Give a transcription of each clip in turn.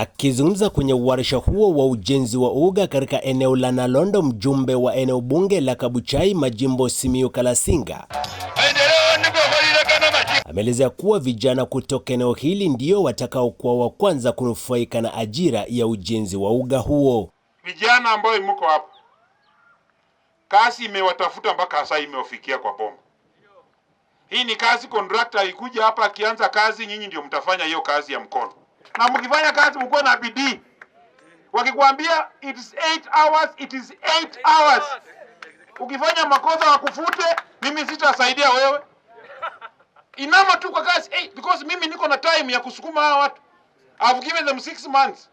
Akizungumza kwenye warsha huo wa ujenzi wa uga katika eneo la Nalondo, mjumbe wa eneo bunge la Kabuchai majimbo Simiyu Kalasinga ameelezea kuwa vijana kutoka eneo hili ndio watakaokuwa wa kwanza kunufaika na ajira ya ujenzi wa uga huo. Vijana ambao mko hapa, kazi imewatafuta mpaka sasa imewafikia kwa bomba. Hii ni kazi, contractor ikuja hapa akianza kazi, nyinyi ndio mtafanya hiyo kazi ya mkono na mkifanya kazi mkuwe na bidii. Wakikwambia it is 8 hours, it is 8 hours. Ukifanya makosa wakufute, mimi sitasaidia wewe. Inama tu kwa kazi hey, because mimi niko na time ya kusukuma hawa watu. I've given them 6 months.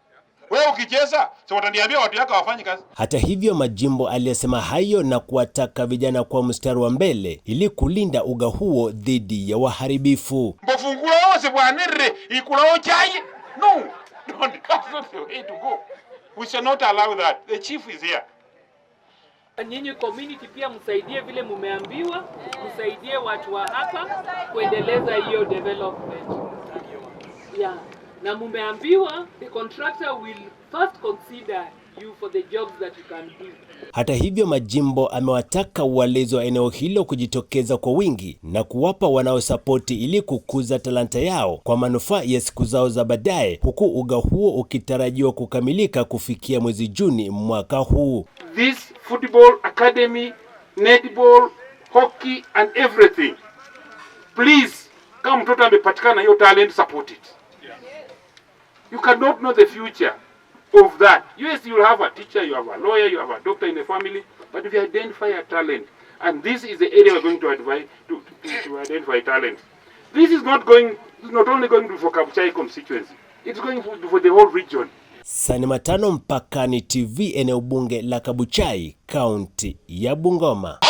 Wewe ukicheza so watandiambia watu yako hawafanyi kazi. Hata hivyo, Majimbo aliyesema hayo na kuwataka vijana kwa mstari wa mbele ili kulinda uga huo dhidi ya waharibifu. mbofungula ose bwanere ikulao chai No, don't. That's not the way to go. We shall not allow that. The chief is here. Nyinyi community pia msaidie vile mumeambiwa, msaidie watu wa hapa kuendeleza hiyo development. Yeah na mumeambiwa the contractor will first consider you for the jobs that you can do. Hata hivyo, Majimbo amewataka walezi wa eneo hilo kujitokeza kwa wingi na kuwapa wanaosapoti ili kukuza talanta yao kwa manufaa ya siku zao za baadaye, huku uga huo ukitarajiwa kukamilika kufikia mwezi Juni mwaka huu. This football academy, netball, hockey and everything. Please, kama mtoto amepatikana hiyo talent support it. You cannot know the future of that. Yes, you have a teacher, you have a lawyer, you have a doctor in the family, but if you identify a talent, and this is the area we're going to, advise, to, to, to identify talent. This is not going, not only going to for Kabuchai constituency, it's going for, for the whole region. Sani Matano, Mpakani TV, eneo bunge la Kabuchai, kaunti ya Bungoma.